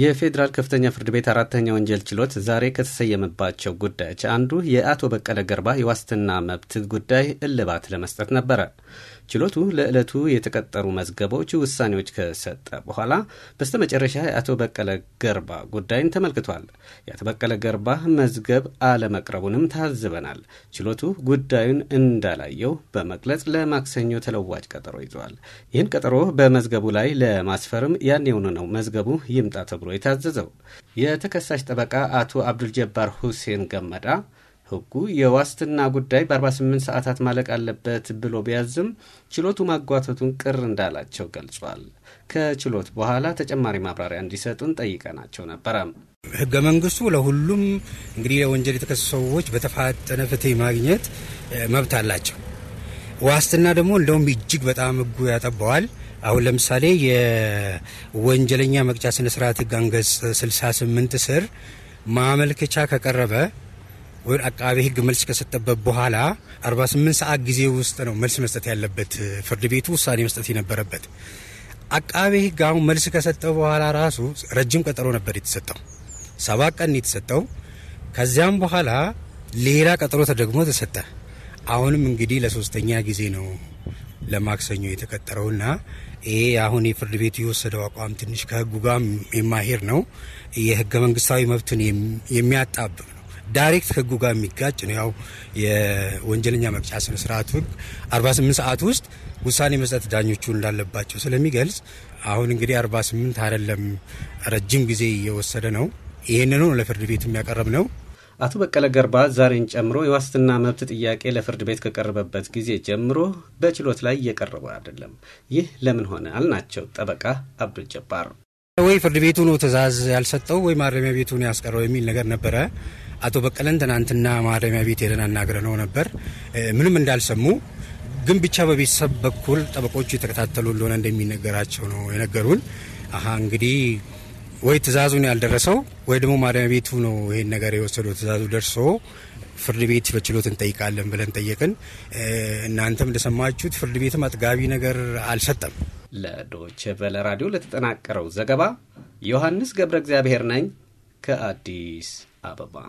የፌዴራል ከፍተኛ ፍርድ ቤት አራተኛ ወንጀል ችሎት ዛሬ ከተሰየመባቸው ጉዳዮች አንዱ የአቶ በቀለ ገርባ የዋስትና መብት ጉዳይ እልባት ለመስጠት ነበረ። ችሎቱ ለዕለቱ የተቀጠሩ መዝገቦች ውሳኔዎች ከሰጠ በኋላ በስተመጨረሻ የአቶ በቀለ ገርባ ጉዳይን ተመልክቷል። የአቶ በቀለ ገርባ መዝገብ አለመቅረቡንም ታዝበናል። ችሎቱ ጉዳዩን እንዳላየው በመግለጽ ለማክሰኞ ተለዋጭ ቀጠሮ ይዟል። ይህን ቀጠሮ በመዝገቡ ላይ ለማስፈርም ያኔውኑ ነው መዝገቡ ይምጣ ተብሎ ነው የታዘዘው። የተከሳሽ ጠበቃ አቶ አብዱልጀባር ሁሴን ገመዳ ህጉ የዋስትና ጉዳይ በ48 ሰዓታት ማለቅ አለበት ብሎ ቢያዝም ችሎቱ ማጓተቱን ቅር እንዳላቸው ገልጿል። ከችሎት በኋላ ተጨማሪ ማብራሪያ እንዲሰጡን ጠይቀናቸው ነበረ። ህገ መንግስቱ ለሁሉም እንግዲህ ለወንጀል የተከሰሱ ሰዎች በተፋጠነ ፍትህ ማግኘት መብት አላቸው። ዋስትና ደግሞ እንደውም እጅግ በጣም ህጉ ያጠባዋል። አሁን ለምሳሌ የወንጀለኛ መቅጫ ስነ ስርዓት ህግ አንቀጽ 68 ስር ማመልከቻ ከቀረበ ወይ አቃቤ ህግ መልስ ከሰጠበት በኋላ 48 ሰዓት ጊዜ ውስጥ ነው መልስ መስጠት ያለበት ፍርድ ቤቱ ውሳኔ መስጠት የነበረበት። አቃቤ ህግ አሁን መልስ ከሰጠ በኋላ ራሱ ረጅም ቀጠሮ ነበር የተሰጠው፣ ሰባት ቀን የተሰጠው። ከዚያም በኋላ ሌላ ቀጠሮ ተደግሞ ተሰጠ። አሁንም እንግዲህ ለሶስተኛ ጊዜ ነው ለማክሰኞ ና ይሄ አሁን የፍርድ ቤቱ የወሰደው አቋም ትንሽ ከህጉ ጋር የማሄድ ነው። የህገ መንግስታዊ መብትን የሚያጣብብ ነው። ዳይሬክት ህጉ ጋር የሚጋጭ ነው። ያው የወንጀለኛ መቅጫ ስነ ስርዓት ህግ 48 ሰዓት ውስጥ ውሳኔ መስጠት ዳኞቹ እንዳለባቸው ስለሚገልጽ አሁን እንግዲህ 48 አይደለም ረጅም ጊዜ እየወሰደ ነው። ይህንኑ ለፍርድ ቤት የሚያቀረብ ነው። አቶ በቀለ ገርባ ዛሬን ጨምሮ የዋስትና መብት ጥያቄ ለፍርድ ቤት ከቀረበበት ጊዜ ጀምሮ በችሎት ላይ እየቀረበ አይደለም። ይህ ለምን ሆነ አልናቸው ጠበቃ አብዱልጀባር። ወይ ፍርድ ቤቱ ነው ትእዛዝ ያልሰጠው ወይ ማረሚያ ቤቱ ነው ያስቀረው የሚል ነገር ነበረ። አቶ በቀለን ትናንትና ማረሚያ ቤት ሄደን አናግረ ነው ነበር ምንም እንዳልሰሙ ግን ብቻ በቤተሰብ በኩል ጠበቆቹ የተከታተሉ እንደሆነ እንደሚነገራቸው ነው የነገሩን። አሀ እንግዲህ ወይ ትእዛዙን ያልደረሰው ወይ ደግሞ ማረሚያ ቤቱ ነው ይሄን ነገር የወሰደው። ትእዛዙ ደርሶ ፍርድ ቤት በችሎት እንጠይቃለን ብለን ጠየቅን። እናንተም እንደሰማችሁት ፍርድ ቤትም አጥጋቢ ነገር አልሰጠም። ለዶች ቨለ ራዲዮ ለተጠናቀረው ዘገባ ዮሐንስ ገብረ እግዚአብሔር ነኝ ከአዲስ አበባ